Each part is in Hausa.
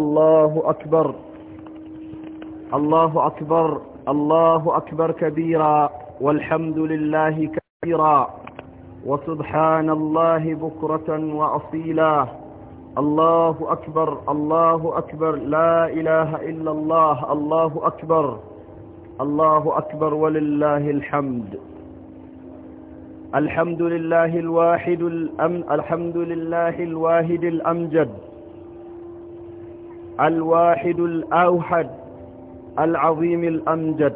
الله أكبر الله أكبر الله أكبر كبيرا والحمد لله كثيرا وسبحان الله بكرة وأصيلا الله أكبر الله أكبر لا إله إلا الله الله أكبر الله أكبر ولله الحمد الحمد لله الواحد الأم الحمد لله الواحد الأمجد الواحد الأوحد العظيم الأمجد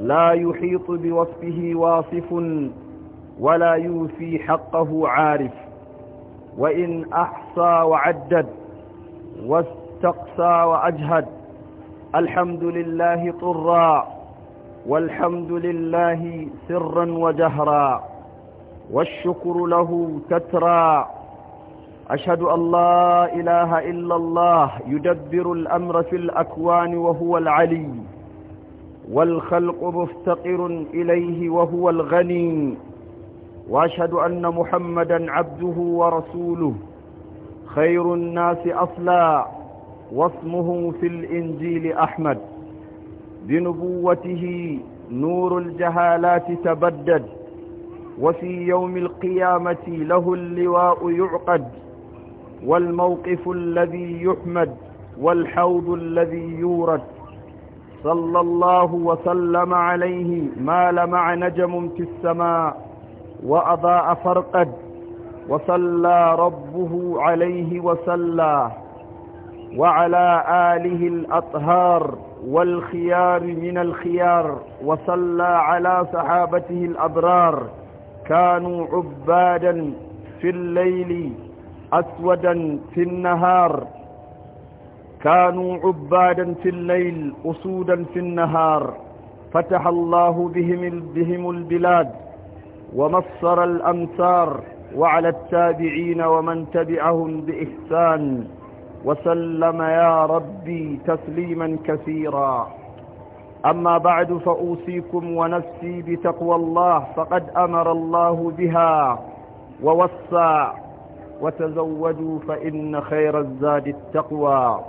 لا يحيط بوصفه واصف ولا يوفي حقه عارف وإن أحصى وعدد واستقصى وأجهد الحمد لله طرا والحمد لله سرا وجهرا والشكر له تترى أشهد أن لا إله إلا الله يدبر الأمر في الأكوان وهو العلي والخلق مفتقر إليه وهو الغني وأشهد أن محمدا عبده ورسوله خير الناس أصلا واسمه في الإنجيل أحمد بنبوته نور الجهالات تبدد وفي يوم القيامة له اللواء يعقد والموقف الذي يحمد والحوض الذي يورد صلى الله وسلم عليه ما لمع نجم في السماء وأضاء فرقد وصلى ربه عليه وسلى وعلى آله الأطهار والخيار من الخيار وصلى على صحابته الأبرار كانوا عبادا في الليل أسودا في النهار كانوا عبادا في الليل أسودا في النهار فتح الله بهم, بهم البلاد ومصر الأمصار وعلى التابعين ومن تبعهم بإحسان وسلم يا ربي تسليما كثيرا أما بعد فأوصيكم ونفسي بتقوى الله فقد أمر الله بها ووصى وتزودوا فإن خير الزاد التقوى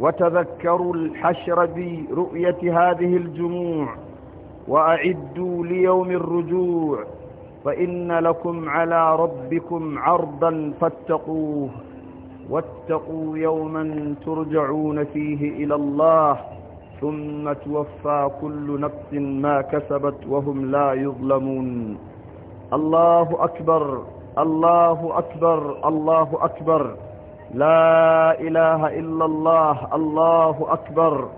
وتذكروا الحشر برؤية هذه الجموع وأعدوا ليوم الرجوع فإن لكم على ربكم عرضا فاتقوه واتقوا يوما ترجعون فيه إلى الله ثم توفى كل نفس ما كسبت وهم لا يظلمون الله أكبر الله أكبر الله أكبر لا إله إلا الله الله أكبر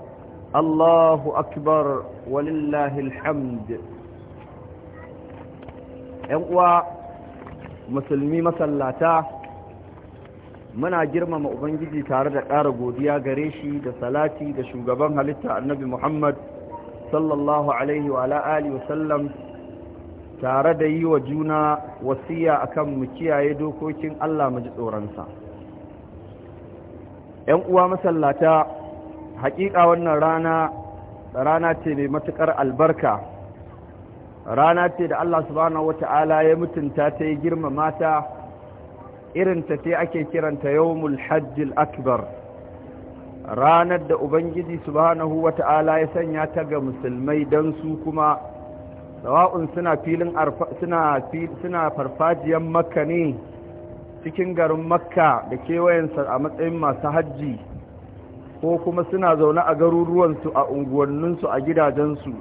الله أكبر ولله الحمد أقوى مسلمي مسلاتا منا جرم مؤبنجي تارد أرغ وديا غريشي دا صلاتي دا شوغبان هلتا النبي محمد صلى الله عليه وعلى آله وسلم tare da yi wa juna wasiya akan mu kiyaye dokokin Allah mu ji tsoronsa ‘yan uwa masallata haƙiƙa wannan rana rana ce mai matuƙar albarka rana ce da Allah subhanahu wata'ala ya mutunta ta yi irin ta irinta ce ake kiranta yawmul hajjil akbar ranar da ubangiji subhanahu wata'ala ya sanya ta ga musulmai don su kuma sawa'un suna filin suna suna farfajiyan makka ne cikin garin makka da kewayensa a matsayin masu hajji ko kuma suna zaune a garuruwansu a unguwanninsu a gidajensu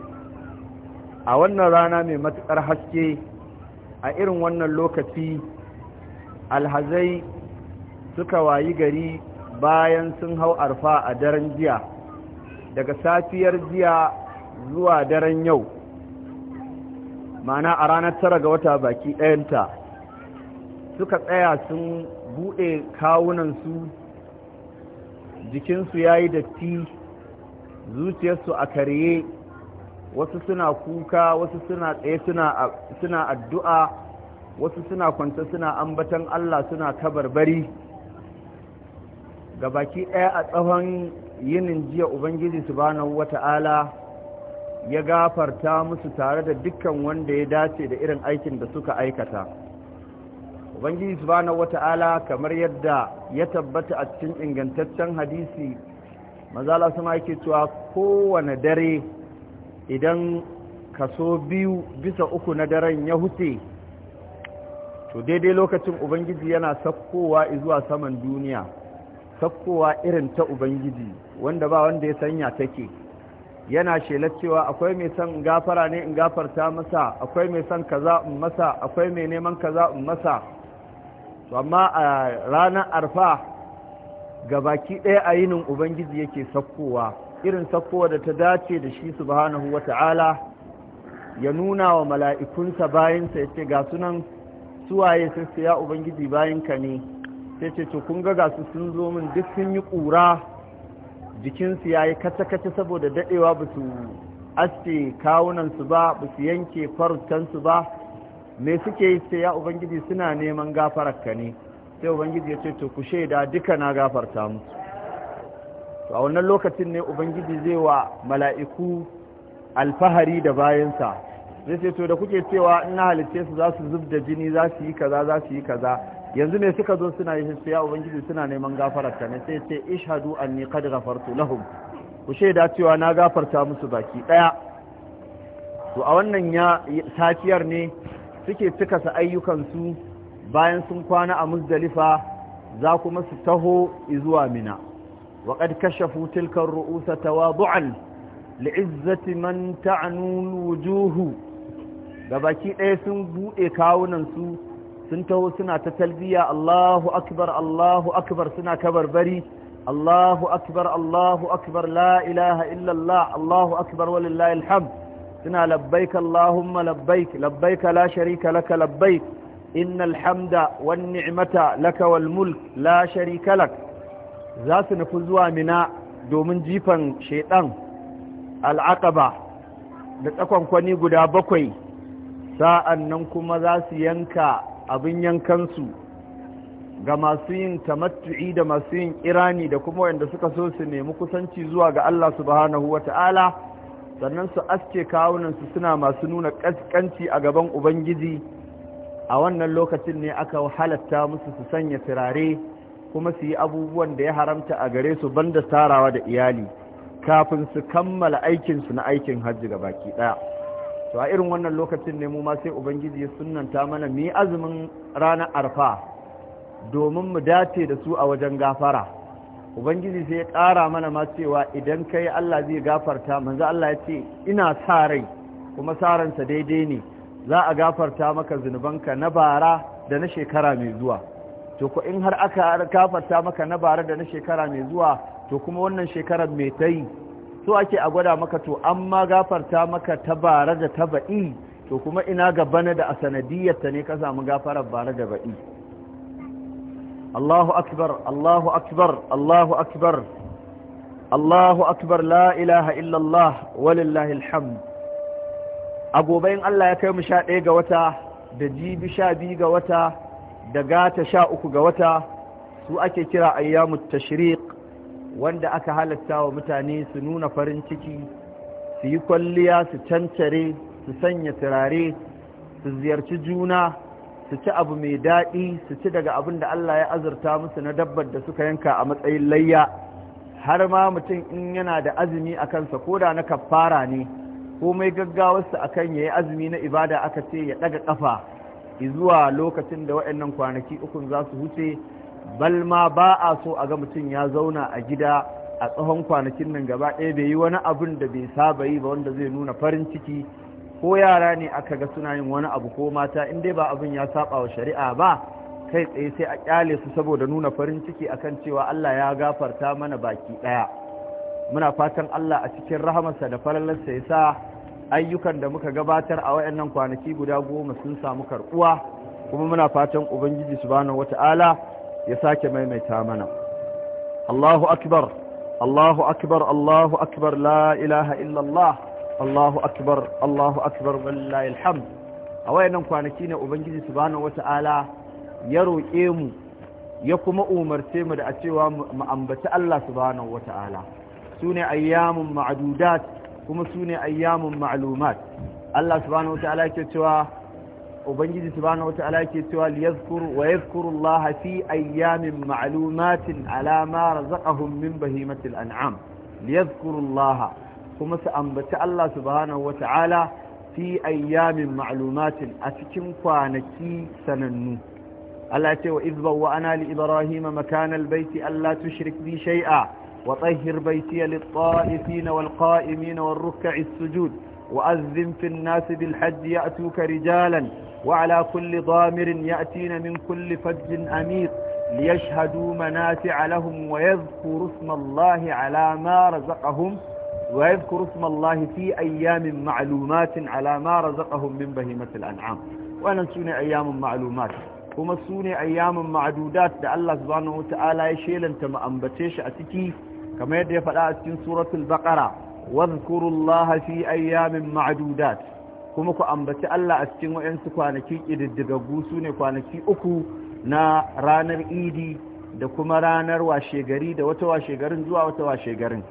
a wannan rana mai matuƙar haske a irin wannan lokaci alhazai suka wayi gari bayan sun hau arfa a daren jiya daga safiyar jiya zuwa daren yau ma'ana a ranar tara ga wata baki ɗayanta suka tsaya sun buɗe kawunansu jikinsu ya yi datti zuciyarsu a karye wasu suna kuka wasu suna tsaye suna addu'a wasu suna kwanta suna ambatan Allah suna kabar bari ga baki ɗaya a tsawon yinin jiya ubangiji su wata wata'ala ya gafarta musu tare da dukkan wanda ya dace da irin aikin da suka aikata ubangiji su wata wata'ala kamar yadda ya tabbata a cikin ingantaccen hadisi mazala sama yake cewa kowane dare idan kaso biyu bisa uku na daren ya huce to daidai lokacin ubangiji yana sakkowa zuwa saman duniya sakkowa irin ta ubangiji wanda ba wanda ya sanya take yana shelar cewa akwai mai son gafara ne in gafarta masa akwai mai son kaza in masa akwai mai neman kaza in masa amma a ranar arfa ga baki ɗaya a yinin ubangiji yake sakkowa irin sakkowa da ta dace da shi subhanahu wata'ala ya nuna wa mala'ikunsa bayansa ya ce ga sunan suwaye sai ya ubangiji bayanka ne sai ce to kun ga ga su sun zo min duk sun yi ƙura jikinsu ya yi kace saboda daɗewa ba su aske kawunansu ba ba su yanke farutansu ba me suke yi sai ya ubangiji suna neman gafararka ne sai ubangiji ya ce to ku shaida duka na gafarta musu to a wannan lokacin ne ubangiji zai wa mala'iku alfahari da bayansa zai ce to da kuke cewa in na su za su zub jini za su yi kaza za su yi kaza yanzu me suka zo suna yi su ubangiji suna neman gafarar ta ne sai ce ishhadu anni qad ghafartu lahum ku shaida cewa na gafarta musu baki ɗaya to a wannan ya safiyar ne suke cika su ayyukan su bayan sun kwana a muzdalifa za kuma su taho zuwa mina kashafu كشفوا تلك tawadu'an li'izzati man ta'nu wujuhu da baki ɗaya sun bude kawunan su. sun taho suna ta talbiya Allahu akbar Allahu akbar suna kabarbari Allahu akbar Allahu akbar la ilaha illallah Allahu akbar walillahi alhamd suna labbaik Allahumma labbaik labbaik la sharika laka labbaik innal hamda wan ni'mata laka wal mulk la sharika lak za su nufi zuwa mina domin jifan shaidan al'aqaba da tsakon kwani guda bakwai sa'an nan kuma za su yanka abin yankansu ga masu yin tamattu'i da masu yin irani da kuma wanda suka so su nemi kusanci zuwa ga Allah subhanahu wata'ala sannan su aske kawunansu suna masu nuna ƙasƙanci a gaban ubangiji a wannan lokacin ne aka halatta musu su sanya firare kuma su yi abubuwan da ya haramta a gare su banda tarawa da iyali kafin su kammala aikinsu na aikin hajji ga baki ɗaya to a irin wannan lokacin ne mu ma sai ubangiji ya sunanta mana mu azumin ranar arfa domin mu dace da su a wajen gafara ubangiji sai ya ƙara mana ma cewa idan kai Allah zai gafarta manzo Allah ya ce ina sa rai kuma sa daidai ne za a gafarta maka zunubanka na bara da na shekara mai zuwa to ko in har aka gafarta maka na bara da na shekara mai zuwa to kuma wannan shekarar mai tayi so ake a gwada maka to amma gafarta maka ta bara da ta baɗi to kuma ina gaba na da a sanadiyyarta ne ka samu gafarar bara da baɗi Allahu akbar Allahu akbar Allahu akbar Allahu akbar la ilaha illallah walillahi alhamd a gobe in Allah ya kai mu sha ɗaya ga wata da jibi sha biyu ga wata da gata sha uku ga wata su ake kira ayyamut tashriq wanda aka halatta wa mutane su nuna farin ciki su yi kwalliya su cancare su sanya turare su ziyarci juna su ci abu mai daɗi su ci daga abin da Allah ya azurta musu na dabbar da suka yanka a matsayin layya har ma mutum in yana da azumi a kansa ko da na kafara ne komai gaggawarsa a kan ya yi azumi na ibada aka ce ya ɗaga ƙafa zuwa lokacin da waɗannan kwanaki ukun za su huce bal ma ba a so a ga mutum ya zauna a gida a tsohon kwanakin nan gaba ɗaya bai yi wani abin da bai saba yi ba wanda zai nuna farin ciki ko yara ne aka ga suna yin wani abu ko mata in dai ba abin ya saba wa shari'a ba kai tsaye sai a kyale su saboda nuna farin ciki akan cewa Allah ya gafarta mana baki ɗaya muna fatan Allah a cikin rahamarsa da falalarsa ya sa ayyukan da muka gabatar a wayannan kwanaki guda goma sun samu karɓuwa kuma muna fatan ubangiji subhanahu wata'ala ya sake maimaita mana Allahu akbar Allahu akbar Allahu akbar la ilaha illallah Allahu akbar Allahu akbar wallahi alhamd a wayannan kwanaki ne ubangiji subhanahu wata'ala ya roƙe mu ya kuma umarce mu da a cewa mu ambaci Allah subhanahu wata'ala sune ayyamun ma'dudat kuma sune ayyamun ma'lumat Allah subhanahu wata'ala yake cewa ubangiji subhanahu wata'ala yake cewa liyazkuru wa yazkuru Allah fi ayyamin ma'lumatin ala ma razaqahum min bahimati an'am liyazkuru Allah kuma su ambaci Allah subhanahu wata'ala fi ayyamin ma'lumatin a cikin kwanaki sanannu Allah ce wa izba wa ana li ibrahima makana albayti alla tushrik bi shay'a wa tahhir وطهر بيتي للطائفين والقائمين as-sujud وأذن في الناس بالحج يأتوك رجالا وعلى كل ضامر يأتين من كل فج أميق ليشهدوا منافع لهم ويذكروا اسم الله على ما رزقهم ويذكروا اسم الله في أيام معلومات على ما رزقهم من بهيمة الأنعام وننسون أيام معلومات ومسون أيام معدودات لألّه سبحانه وتعالى يشيل أنت ما أنبتش أتكي كما يدري فلا الآن سورة البقرة واذكروا الله في أيام معدودات kuma ku ambaci Allah a cikin wayansu kwanaki ƙididdigaggu su ne kwanaki uku na ranar idi da kuma ranar washegari da wata washegarin zuwa wata washegarin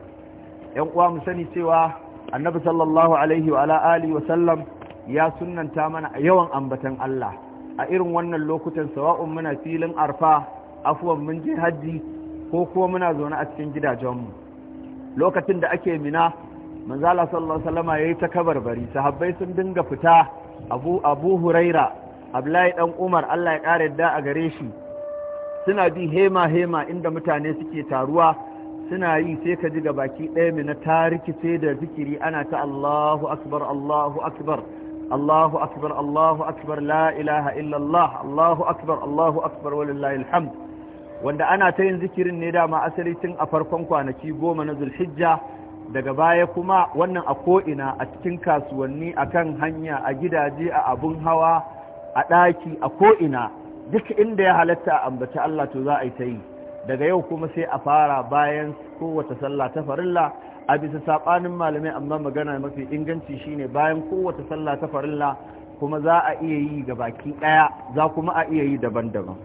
‘yan uwa mu sani cewa annabi sallallahu alaihi wa alihi wa sallam ya sunanta mana a yawan ambatan Allah a irin wannan lokutan sawa'un muna filin arfa afuwan mun je hajji ko kuma muna zaune a cikin gidajenmu lokacin da ake mina manzala sallallahu yayi ta kabarbari sahabbai sun dinga fita abu abu huraira dan umar Allah ya kare da a gare shi suna bi hema hema inda mutane suke taruwa suna yi sai ka ji ga baki ɗaya mai na sai da zikiri ana ta Allahu akbar Allahu akbar Allahu akbar Allahu akbar la ilaha illallah Allahu akbar Allahu akbar walillahi alhamd wanda ana ta yin zikirin ne dama asali tun a farkon kwanaki goma na zulhijja daga baya kuma wannan a ko'ina a cikin kasuwanni a kan hanya a gidaje a abun hawa a ɗaki a ko'ina duk inda ya halatta a ambaci Allah to za a yi ta yi daga yau kuma sai a fara bayan kowace sallah ta farilla a bisa saɓanin malamai amma magana mafi inganci shine bayan kowace sallah ta farilla kuma za a iya yi ga baki ɗaya za kuma a iya yi daban-daban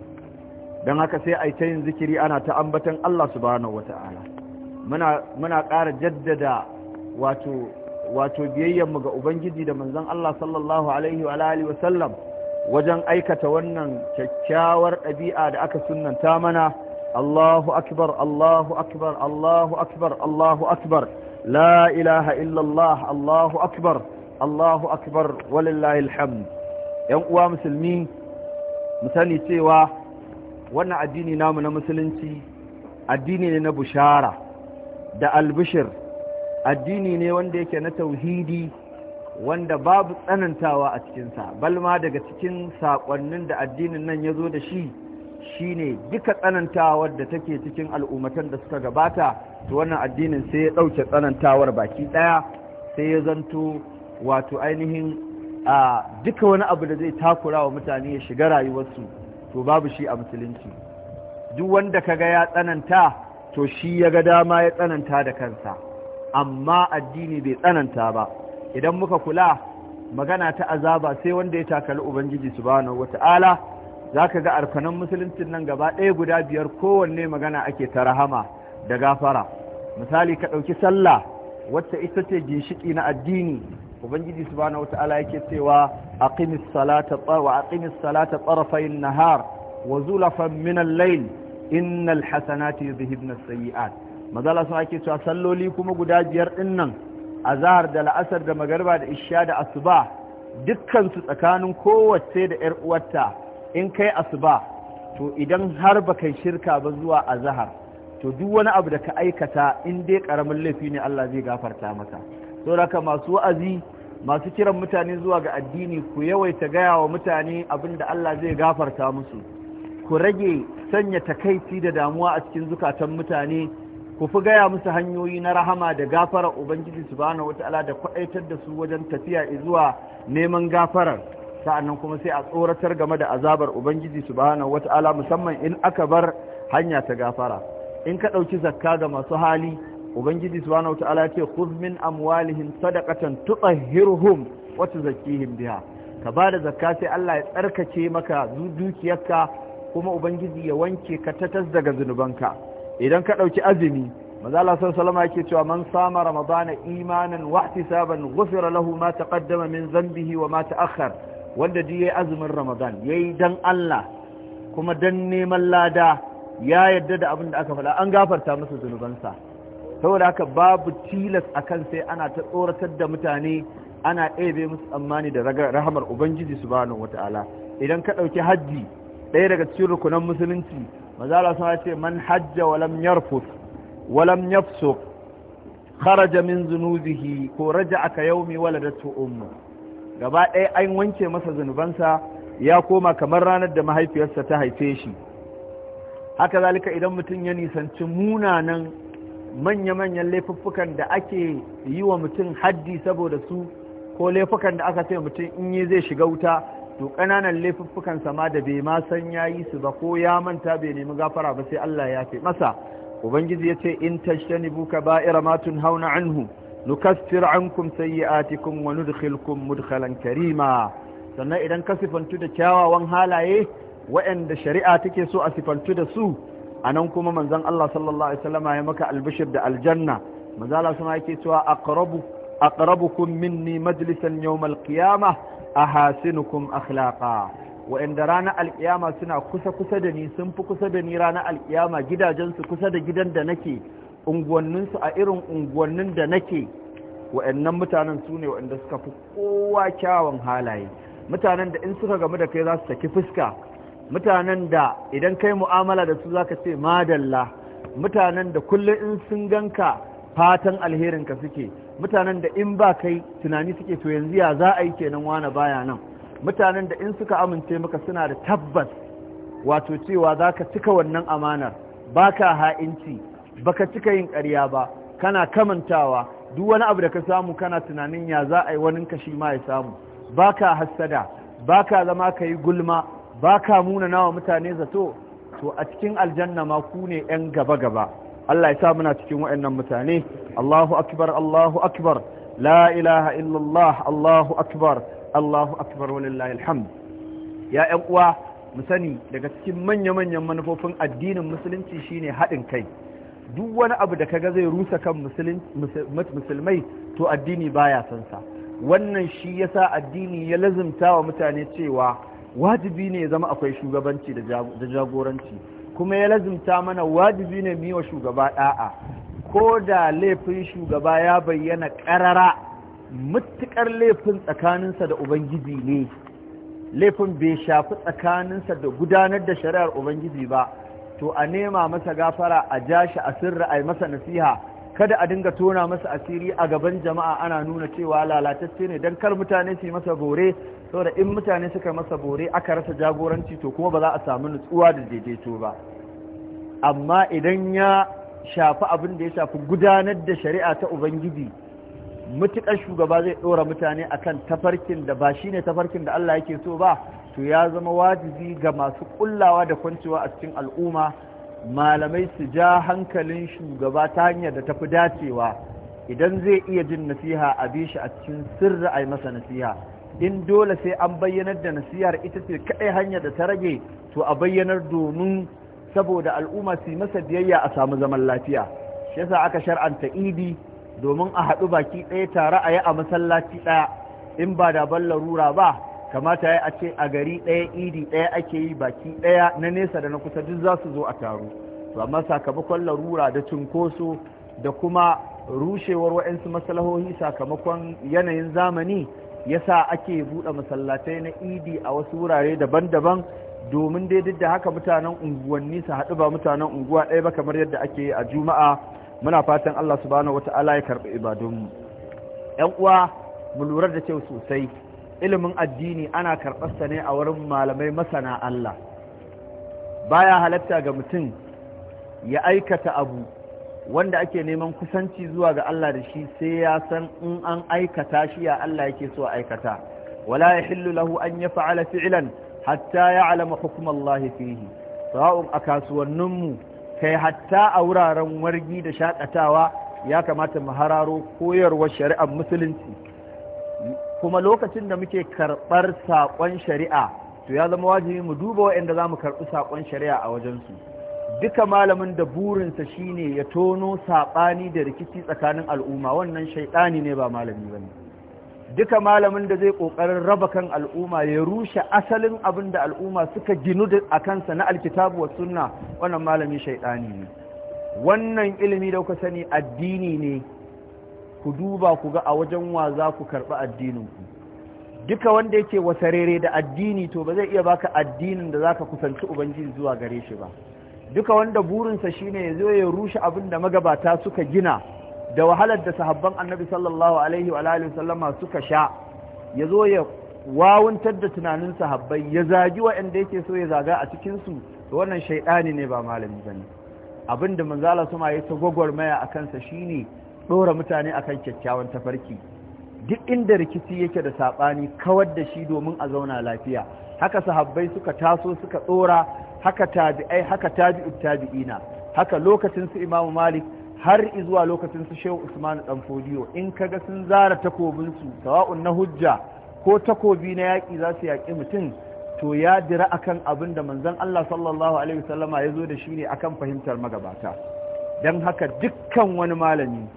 don haka sai a yi ta yin zikiri ana ta ambatan Allah subhanahu wata'ala muna ƙara jaddada wato biyayyanmu ga ubangiji da manzon Allah sallallahu alaihi wa alihi wa sallam wajen aikata wannan kyakkyawar ɗabi'a da aka sunanta mana Allahu akbar Allahu akbar Allahu akbar Allahu akbar la ilaha illallah Allahu akbar Allahu akbar walillahi alhamd yan uwa musulmi mu sani cewa wannan addini namu na musulunci addini ne na bushara da albishir addini ne wanda yake na tauhidi wanda babu tsanantawa a cikinsa balma daga cikin saƙonnin da addinin nan ya zo da shi shine duka tsanantawar da take cikin al'ummatan da suka gabata to wannan addinin sai ya ɗauke tsanantawar baki ɗaya sai ya zanto wato ainihin a duka wani abu da zai takura wa mutane ya shiga rayuwarsu to babu shi a musulunci duk wanda kaga ya tsananta to shi ya ga dama ya tsananta da kansa amma addini bai tsananta ba idan muka kula magana ta azaba sai wanda ya takali ubangiji subhanahu wata'ala zaka ga arkanan musuluncin nan gaba ɗaya guda biyar kowanne magana ake ta rahama da gafara misali ka ɗauki sallah wacce ita ce ginshiki na addini ubangiji subhanahu wata'ala yake cewa aqimis salata wa aqimis salata nahar wa zulafan min al-layl innal hasanati yuzhibna as-sayyi'at mazala su ake cewa salloli kuma guda biyar din nan azhar da la'asar da magarba da isha da asuba dukkan su tsakanin kowace da yar uwarta in kai asuba to idan har baka shirka ba zuwa azhar to duk wani abu da ka aikata in dai karamin laifi ne Allah zai gafarta maka saboda masu wa'azi masu kiran mutane zuwa ga addini ku yawaita gaya wa mutane abin da Allah zai gafarta musu ku rage sanya takaici da damuwa a cikin zukatan mutane ku fi gaya musu hanyoyi na rahama da gafara ubangiji subhanahu wataala da kwaɗaitar da su wajen tafiya zuwa neman gafarar sa'annan kuma sai a tsoratar game da azabar ubangiji subhanahu wataala musamman in aka bar hanya ta gafara in ka ɗauki zakka ga masu hali ubangiji subhanahu wataala ya ce khudh min amwalihim sadaqatan tutahhiruhum wa tuzakkihim biha ka bada zakka sai Allah ya tsarkake maka dukiyarka kuma ubangiji ya wanke ka tatas daga zunubanka idan ka ɗauki azumi sallallahu alaihi salama yake cewa man sama ramadana imanan wa ihtisaban ghufira lahu ma taqaddama min dhanbihi wa ma ta'akhkhar wanda ji yayi azumin ramadan yayi dan Allah kuma dan neman lada ya yadda da abin da aka faɗa an gafarta masa zunubansa saboda haka babu tilas akan sai ana ta tsoratar da mutane ana ɗebe musu tsammani da rahamar ubangiji subhanahu wataala idan ka ɗauki hajji ɗaya daga cikin rukunan musulunci mazala sun ce man hajja walam yarfut walam yafso kharaja min zunubihi ko raja'a ka yaumi waladatu ummu gaba ɗaya an wanke masa zunubansa ya koma kamar ranar da mahaifiyarsa ta haife shi haka zalika idan mutum ya nisanci munanan manya-manyan laifuffukan da ake yi wa mutum haddi saboda su ko laifukan da aka sai mutum in yi zai shiga wuta to ƙananan laifuffukan sama da bai ma san ya yi su ba ko ya manta bai nemi gafara ba sai Allah ya fi masa ubangiji ya ce in tashtani buka ba'ira ma hauna anhu nukaffir ankum sayyi'atikum wa nudkhilkum mudkhalan karima sannan idan ka sifantu da kyawawan halaye waɗanda shari'a take so a sifantu da su a nan kuma manzon Allah sallallahu alaihi wasallama ya maka albishir da aljanna manzon Allah sama yake cewa aqrabu aqrabukum minni majlisan yawm alqiyamah A ahasinukum akhlaqa inda rana alkiyama suna kusa kusa da ni sun fi kusa da ni ranar alkiyama gidajensu kusa da gidan da nake unguwanninsu a irin unguwannin da nake Wa wa'annan mutanen su ne wa'anda suka fi kowa kyawun halaye mutanen da in suka gamu da kai za su saki fuska mutanen da idan kai mu'amala da su zaka ce madalla mutanen da kullum in sun ganka fatan alherin ka suke mutanen da in ba kai tunani suke to yanzu ya za a yi kenan wane baya nan mutanen da in suka amince maka suna da tabbas wato cewa za ka cika wannan amanar ba ka ha'inci ba ka cika yin ƙarya ba kana kamantawa duk wani abu da ka samu kana tunanin ya za a yi wani kashi ma ya samu ba ka hassada ba ka zama ka yi gulma ba ka muna nawa mutane zato to a cikin aljanna ma ku ne 'yan gaba-gaba Allah ya sa muna cikin waɗannan mutane Allahu akbar Allahu akbar la ilaha illallah Allahu akbar Allahu akbar walillahi alhamd ya ƴan uwa mu sani daga cikin manya-manyan manufofin addinin musulunci shine haɗin kai duk wani abu da kaga zai rusa kan musulmai to addini baya son sa wannan shi yasa addini ya lazimta wa mutane cewa wajibi ne ya zama akwai shugabanci da jagoranci kuma ya lazimta mana wajibi ne miwa shugaba ɗa'a ko da laifin shugaba ya bayyana ƙarara mutuƙar laifin tsakaninsa da ubangiji ne laifin bai shafi tsakaninsa da gudanar da shari'ar ubangiji ba to a nema masa gafara a ja shi a sirri a yi masa nasiha kada a dinga tona masa asiri a gaban jama'a ana nuna cewa lalatacce ne don kar mutane su yi masa bore saboda in mutane suka masa bore aka rasa jagoranci to kuma ba za a samu nutsuwa da daidaito ba amma idan ya shafi abin da ya shafi gudanar da shari'a ta ubangiji mutukar shugaba zai ɗora mutane akan tafarkin da ba shine tafarkin da Allah yake so ba to ya zama wajibi ga masu kullawa da kwancewa a cikin al'umma malamai su ja hankalin shugaba ta hanyar da tafi dacewa idan zai iya jin nasiha a bi shi a cikin sirri a yi masa nasiha in dole sai an bayyanar da nasihar ita ce kaɗai hanyar da ta rage to a bayyanar domin saboda al'umma su yi masa biyayya a samu zaman lafiya shi yasa aka shar'anta idi domin a haɗu baki ɗaya tare a yi a masallaci ɗaya in ba da ban ba kamata ya a ce a gari ɗaya idi ɗaya ake yi baki ɗaya na nesa da na kusa duk za su zo a taro to amma sakamakon larura da cunkoso da kuma rushewar waɗansu maslahohi sakamakon yanayin zamani ya yasa ake buɗe masallatai na idi a wasu wurare daban-daban domin dai duk da haka mutanen unguwanni su haɗu ba mutanen unguwa ɗaya ba kamar yadda ake a juma'a muna fatan Allah subhanahu wata'ala ya karɓi ibadunmu yan uwa mu lura da kyau sosai ilimin addini ana karɓarsa ne a wurin malamai masana Allah baya halatta ga mutum ya aikata abu wanda ake neman kusanci zuwa ga Allah da shi sai ya san in an aikata shi ya Allah yake so aikata wala ya yahillu lahu an ya yaf'ala fi'lan hatta ya'lama hukm Allah fihi sawa'un a mu kai hatta a wuraren wargi da shakatawa ya kamata mu hararo koyarwar shari'ar musulunci kuma lokacin da muke karɓar saƙon shari'a to ya zama wajibi mu duba waɗanda za mu karɓi saƙon shari'a a wajensu duka malamin da burinsa shine ya tono saɓani da rikici tsakanin al'umma wannan shaiɗani ne ba malami ba ne duka malamin da zai ƙoƙarin raba kan al'umma ya rushe asalin abin da al'umma suka ginu a kansa na alkitabu wa sunna wannan malami shaiɗani ne wannan ilimi da kuka sani addini ne ku duba ku ga a wajen wa za ku karɓi addininku duka wanda yake wasarere da addini to ba zai iya baka addinin da zaka kusanci ubangiji zuwa gare shi ba duka wanda burinsa shine ya zo ya rushe abin da magabata suka gina da wahalar da sahabban annabi sallallahu alaihi wa alihi sallama suka sha ya zo ya wawuntar da tunanin sahabbai ya zagi waɗanda yake so ya zaga a cikin su to wannan shaidani ne ba malami bane abin da manzala suma ya ta gwagwarmaya a kansa shine ɗora mutane akan kyakkyawan tafarki duk inda rikici yake da saɓani kawar da shi domin a zauna lafiya haka sahabbai suka taso suka ɗora haka tabi'ai haka tabi'u tabi'ina haka lokacin su imamu malik har zuwa lokacin su shehu usman dan fodiyo in kaga sun zara takobin su sawa'un na hujja ko takobi na yaƙi za su yaƙi mutum to ya dira akan abin da manzon Allah sallallahu alaihi wasallama ya zo da shi ne akan fahimtar magabata dan haka dukkan wani malami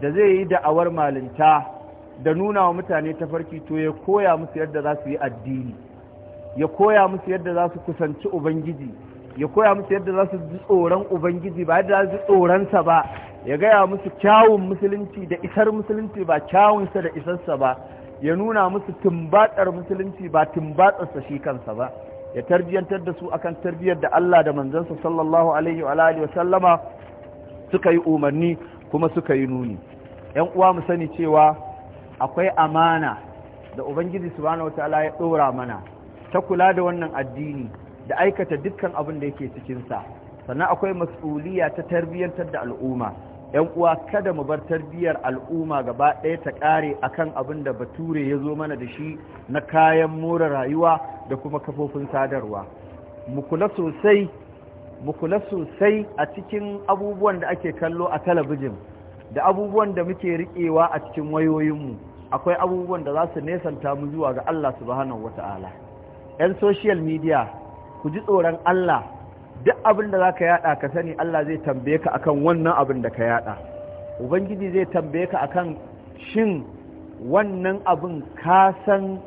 da zai yi da'awar malinta da nuna wa mutane tafarki to ya koya musu yadda za su yi addini ya koya musu yadda za su kusanci ubangiji ya koya musu yadda za su ji tsoron ubangiji ba yadda za su ji tsoronsa ba ya gaya musu kyawun musulunci da isar musulunci ba kyawunsa da isarsa ba ya nuna musu tumbatsar musulunci ba tumbatsarsa shi kansa ba ya tarbiyantar da su akan tarbiyar da Allah da manzansa sallallahu alaihi wa alihi wa sallama suka yi umarni kuma suka yi nuni ‘yan uwa mu sani cewa akwai amana da ubangiji subhanahu wataala ya ɗora mana ta kula da wannan addini da aikata dukkan abin da yake cikinsa sannan akwai mas'uliya ta tarbiyyantar da al'umma ‘yan uwa kada mu bar tarbiyyar al'umma gaba ɗaya ta ƙare a kan abin da bature ya zo mana da shi na kayan more rayuwa da kuma kafofin sadarwa mu kula sosai mu kula sosai a cikin abubuwan da ake kallo a talabijin da abubuwan da muke riƙewa a cikin wayoyinmu akwai abubuwan da za su nesanta mu zuwa ga Allah subhanahu wata'ala yan social media ku ji tsoron Allah duk abin da za ka yada ka sani Allah zai tambaye ka akan wannan abin da ka yada ubangiji zai tambaye ka akan shin wannan abin ka san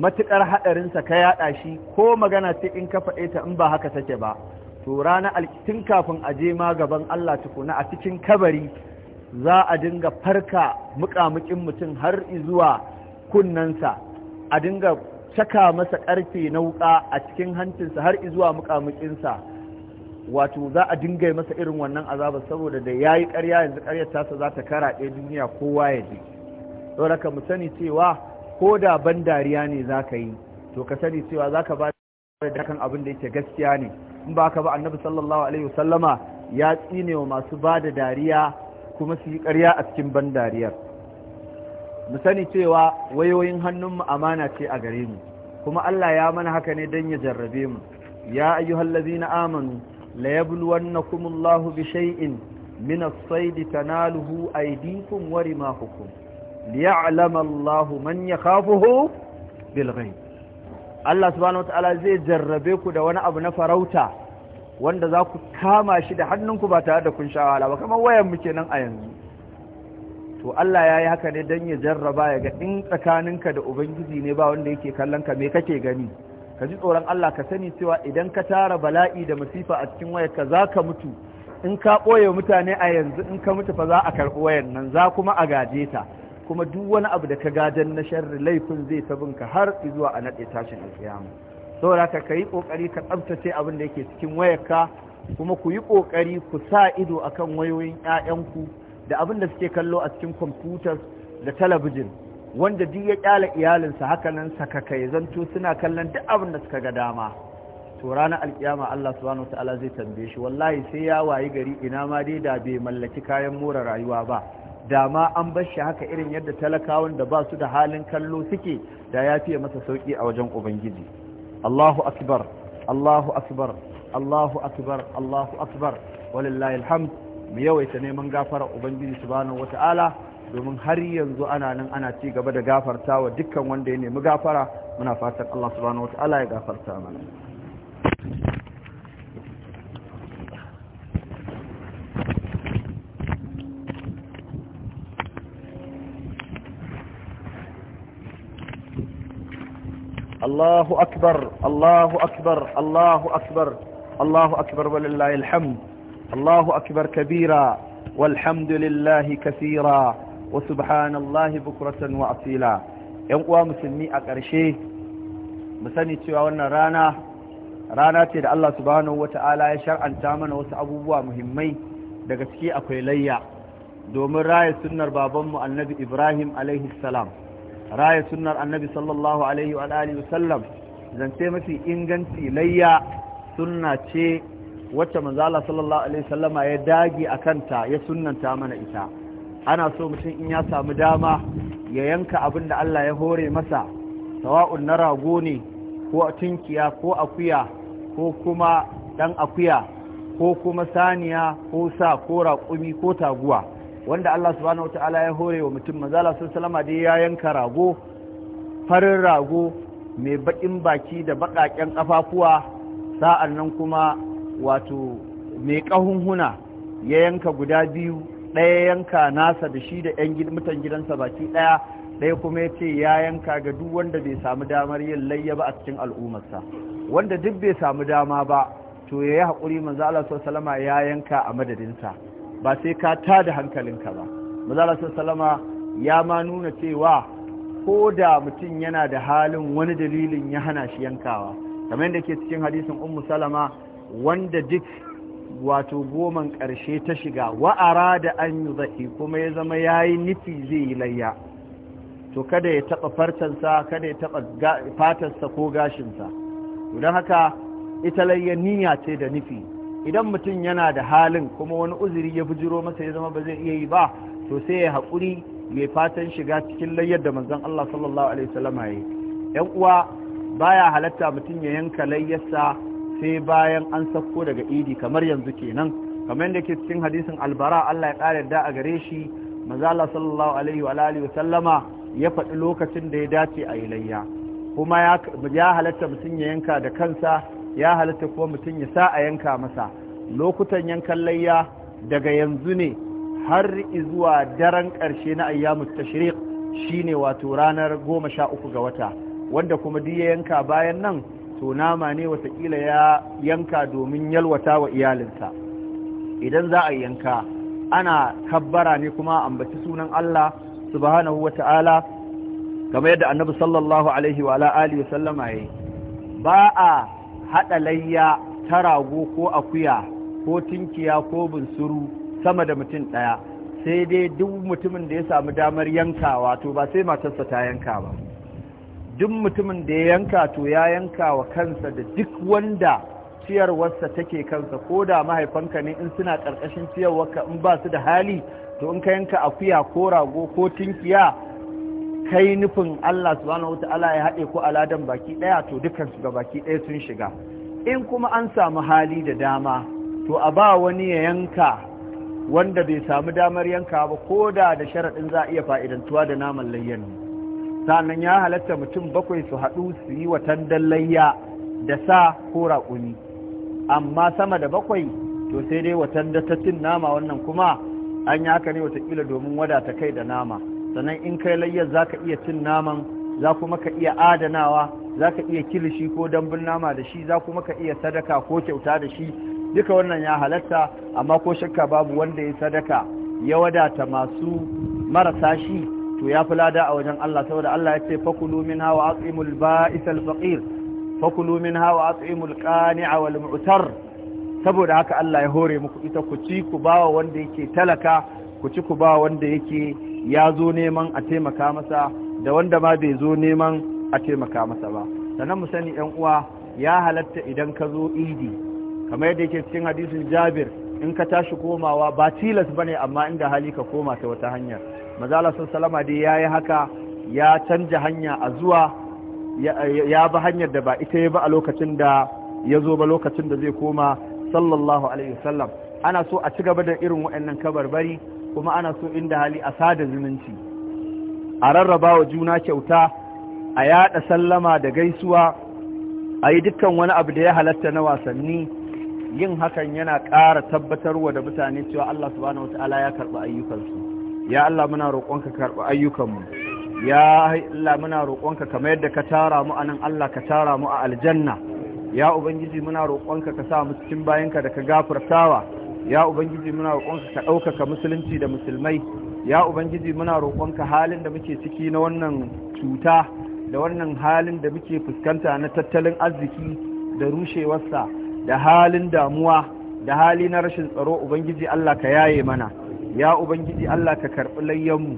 matuƙar haɗarinsa ka yaɗa shi ko magana ce in ka faɗe ta in ba haka take ba to rana alkitin kafin a je ma gaban Allah tukuna a cikin kabari za a dinga farka muƙamuƙin mutum har zuwa kunnensa a dinga caka masa ƙarfe na wuƙa a cikin hancinsa har zuwa muƙamuƙinsa wato za a dinga masa irin wannan azaba saboda da ya yi ƙarya yanzu ƙaryar tasa za ta karaɗe duniya kowa ya je saboda ka mu sani cewa ko da ban dariya ne za ka yi to ka sani cewa za ka ba da kan abin da yake gaskiya ne in ba ka ba annabi sallallahu alaihi wasallama ya tsine wa masu ba da dariya kuma su yi a cikin ban dariyar mu sani cewa wayoyin hannunmu amana ce a gare mu kuma Allah ya mana haka ne don ya jarrabe mu ya ayyuhallazina amanu la yabluwannakumullahu bi shay'in min as-sayd tanaluhu aydikum wa rimahukum liya'lama Allahu man yakhafuhu bil ghaib Allah subhanahu wataala zai jarrabe ku da wani abu na farauta wanda za ku kama shi da hannunku ba tare da kun sha wahala ba kamar wayan mu kenan a yanzu to Allah ya yi haka ne don ya jarraba ya ga in tsakaninka da ubangiji ne ba wanda yake kallon ka me kake gani ka ji tsoron Allah ka sani cewa idan ka tara bala'i da masifa a cikin wayar ka za ka mutu in ka ɓoye mutane a yanzu in ka mutu fa za a karɓi wayan nan za kuma a gaje ta kuma duk wani abu da ka gadan na sharri laifin zai tabinka har zuwa a naɗe tashin alƙiyama saboda ka yi ƙoƙari ka tsabtace abin da yake cikin wayarka kuma ku yi ƙoƙari ku sa ido akan wayoyin 'ya'yanku da abin da suke kallo a cikin kwamfutar da talabijin wanda duk ya ƙyala iyalinsa nan sakakai zanto suna kallon duk abin da suka ga dama to ranar alƙiyama Allah subhanahu wataala zai tambaye shi wallahi sai ya wayi gari ina ma dai da bai mallaki kayan more rayuwa ba dama an bar shi haka irin yadda talakawan da ba su da halin kallo suke da ya fiye masa sauki a wajen ubangiji Allahu akbar Allahu akbar Allahu akbar Allahu akbar walillahi alhamd mu yawaita neman gafara ubangiji subhanahu wata'ala domin har yanzu ana nan ana ci gaba da gafarta wa dukkan wanda ya nemi gafara muna fatan Allah subhanahu wata'ala ya gafarta mana الله أكبر الله أكبر الله أكبر الله أكبر ولله الحمد الله أكبر كبيرا والحمد لله كثيرا وسبحان الله بكرة وأصيلا ينقوى مسلمي أكرشيه مسني تيوانا رانا رانا تيد الله سبحانه وتعالى يشرع أن تامن وسأبوه مهمي دقسكي أكويليا دوم راي سنر بابم النبي إبراهيم عليه السلام raya sunnar annabi sallallahu alaihi wa alihi wasallam zance mafi inganci layya sunna ce wacce manzo Allah sallallahu alaihi wasallama ya dage akanta ya sunnanta mana ita ana so mutum in ya samu dama ya yanka abin da Allah ya hore masa sawa'un na rago ne ko tunkiya ko akuya ko kuma dan akuya ko kuma saniya ko sa ko raƙumi ko taguwa wanda Allah subhanahu ta'ala ya hore wa mutum manzala sun salama da ya yanka rago farin rago mai baƙin baki da baƙaƙen ƙafafuwa sa'an nan kuma wato mai ƙahunhuna ya yanka guda biyu ɗaya yanka nasa da shi da ‘yan mutan gidansa baki ɗaya ɗaya kuma ya ce ya yanka ga duk wanda bai samu damar yin layya a cikin al'ummarsa wanda duk bai samu dama ba to ya yi haƙuri manzo Allah salama ya yanka a madadinsa ba sai ka ta da hankalinka ba mazala salama ya ma nuna cewa ko da mutum yana da halin wani dalilin ya hana shi yankawa kamar yadda ke cikin hadisin ummu salama wanda duk wato goman ƙarshe ta shiga wa'ara da an yi zaki kuma ya zama ya yi nufi zai yi layya to kada ya taɓa fartansa kada ya taɓa fatarsa ko gashinsa don haka ita layya niyya ce da nufi idan mutum yana da halin kuma wani uzuri ya bujiro masa ya zama ba zai iya yi ba to sai ya haƙuri mai fatan shiga cikin layyar da manzon Allah sallallahu alaihi wasallama ya yi yan uwa baya halatta mutum ya yanka layyarsa sai bayan an sako daga idi kamar yanzu kenan kamar yadda ke cikin hadisin albara Allah ya ƙara da a gare shi manzo Allah sallallahu alaihi wa alihi ya faɗi lokacin da ya dace a yi layya kuma ya halatta mutum ya yanka da kansa ya halitta kuma mutum ya sa a yanka masa lokutan yankan layya daga yanzu ne har zuwa daren ƙarshe na ayyamu tashriq shine wato ranar goma sha uku ga wata wanda kuma duk ya yanka bayan nan to nama ne watakila ya yanka domin yalwata wa iyalinsa idan za a yanka ana kabbara ne kuma ambaci sunan Allah subhanahu wa ta'ala kamar yadda annabi sallallahu alaihi wa ala alihi wa sallama yayi ba a haɗa layya ta rago ko akuya ko tinkiya ko bunsuru sama da mutum ɗaya sai dai duk mutumin da ya samu damar yanka wato ba sai matarsa ta yanka ba duk mutumin da ya yanka to ya yanka wa kansa da duk wanda ciyarwarsa take kansa ko da mahaifanka ne in suna ƙarƙashin ciyarwarka in ba su da hali to in ka yanka akuya ko rago ko tinkiya kai nufin Allah wata wata'ala ya haɗe ku aladan baki ɗaya to dukansu ga baki ɗaya sun shiga in kuma an samu hali da dama to a ba wani ya yanka wanda bai samu damar yanka ba ko da da sharaɗin za a iya fa'idantuwa da naman layyan sannan ya halatta mutum bakwai su haɗu su yi watan layya da sa ko raƙuni amma sama da bakwai to sai dai watan da ta cin nama wannan kuma an yi haka ne watakila domin wadata kai da nama sannan in kai layyar za ka iya cin naman za kuma ka iya adanawa za ka iya kilishi ko dambun nama da shi za kuma ka iya sadaka ko kyauta da shi duka wannan ya halatta amma ko shakka babu wanda ya sadaka ya wadata masu marasa shi to ya fi lada a wajen Allah saboda Allah ya ce fakulu min hawa atsimul ba'isal faqir fakulu min hawa atsimul qani'a wal mu'tar saboda haka Allah ya hore muku ita ku ci ku bawa wanda yake talaka ku ci ku bawa wanda yake ya zo neman a taimaka masa da wanda ma bai zo neman a taimaka masa ba sannan mu sani yan uwa ya halatta idan ka zo idi kamar yadda yake cikin hadisin jabir in ka tashi komawa ba tilas bane amma inda hali ka koma ta wata hanyar mazala sun salama dai ya yi haka ya canja hanya a zuwa ya ba hanyar da ba ita ya ba a lokacin da ya zo ba lokacin da zai koma sallallahu alaihi wasallam ana so a ci gaba da irin waɗannan kabarbari kuma ana so inda hali a sada zumunci a rarraba wa juna kyauta a yada sallama da gaisuwa a yi dukkan wani abu da ya halatta na wasanni yin hakan yana ƙara tabbatarwa da mutane cewa Allah subhanahu wata'ala ya karɓi ayyukansu ya Allah muna roƙonka karɓi ayyukanmu ya Allah muna roƙonka kamar yadda ka tara mu anan Allah ka tara mu a aljanna ya ubangiji muna roƙonka ka sa mu cikin bayanka da ka gafartawa ya ubangiji muna roƙonka ka ɗaukaka musulunci da musulmai ya ubangiji muna roƙonka halin da muke ciki na wannan cuta da wannan halin da muke fuskanta na tattalin arziki da rushewarsa da halin damuwa da hali na rashin tsaro ubangiji Allah ka yaye mana ya ubangiji Allah ka karɓi layyanmu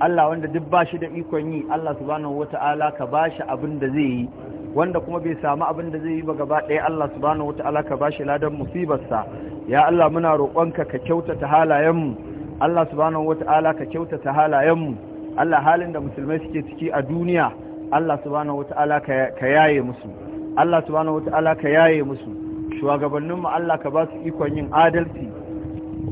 Allah wanda duk bashi da ikon yi Allah subhanahu wata'ala ka ba shi abin da zai yi wanda kuma bai samu abin da zai yi ba gaba ɗaya Allah subhanahu wata'ala ka bashi ladan musibarsa ya Allah muna roƙonka ka kyautata halayenmu Allah subhanahu wata'ala ka kyautata halayenmu Allah halin da musulmai suke ciki a duniya Allah subhanahu wata'ala ka yaye musu Allah subhanahu wata'ala ka yaye musu shugabanninmu Allah ka ba su ikon yin adalci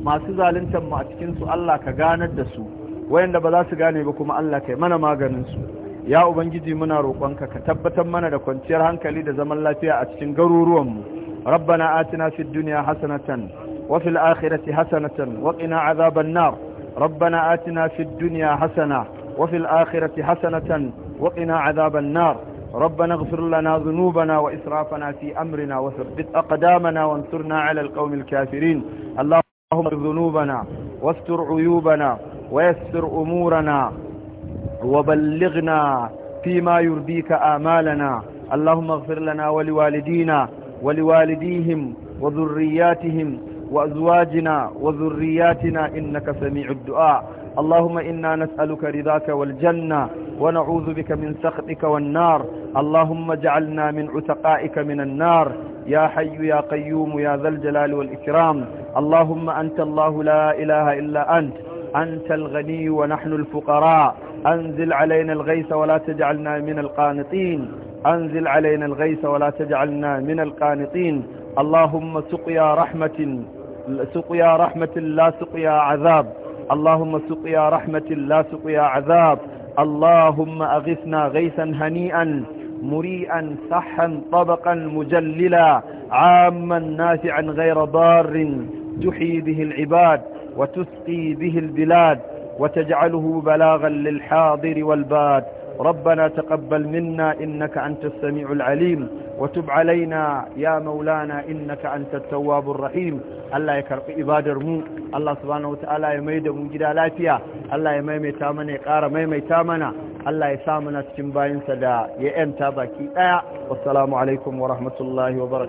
masu zaluntar mu a cikin su Allah ka ganar da su wayanda ba za su gane ba kuma Allah kai mana maganin su ya ubangiji muna roƙonka ka tabbatar mana da kwanciyar hankali da zaman lafiya a cikin garuruwanmu rabbana atina fid dunya hasanatan wa fil akhirati hasanatan wa qina azaban nar rabbana atina fid dunya hasana wa fil akhirati hasanatan wa qina azaban nar ربنا اغفر لنا ذنوبنا وإسرافنا في أمرنا وثبت أقدامنا وانصرنا على القوم الكافرين اللهم اغفر ذنوبنا واستر عيوبنا ويسر أمورنا وبلغنا فيما يرضيك آمالنا اللهم اغفر لنا ولوالدينا ولوالديهم وذرياتهم وأزواجنا وذرياتنا إنك سميع الدعاء اللهم إنا نسألك رضاك والجنة ونعوذ بك من سخطك والنار اللهم اجعلنا من عتقائك من النار يا حي يا قيوم يا ذا الجلال والإكرام اللهم أنت الله لا إله إلا أنت أنت الغني ونحن الفقراء أنزل علينا الغيث ولا تجعلنا من القانطين أنزل علينا الغيث ولا تجعلنا من القانطين اللهم سقيا رحمة سقيا رحمة لا سقيا عذاب اللهم سقيا رحمة لا سقيا عذاب اللهم أغثنا غيثا هنيئا مريئا صحا طبقا مجللا عاما نافعا غير ضار تحيي به العباد وتسقي به البلاد وتجعله بلاغا للحاضر والباد ربنا تقبل منا إنك أنت السميع العليم وتب علينا يا مولانا إنك أنت التواب الرحيم الله يكرق إبادر مو الله سبحانه وتعالى يميد مجدا لا الله يميم تامنا يقار ميم تامنا الله يسامنا تشمباين سدا يأنت باكي آه. والسلام عليكم ورحمة الله وبركاته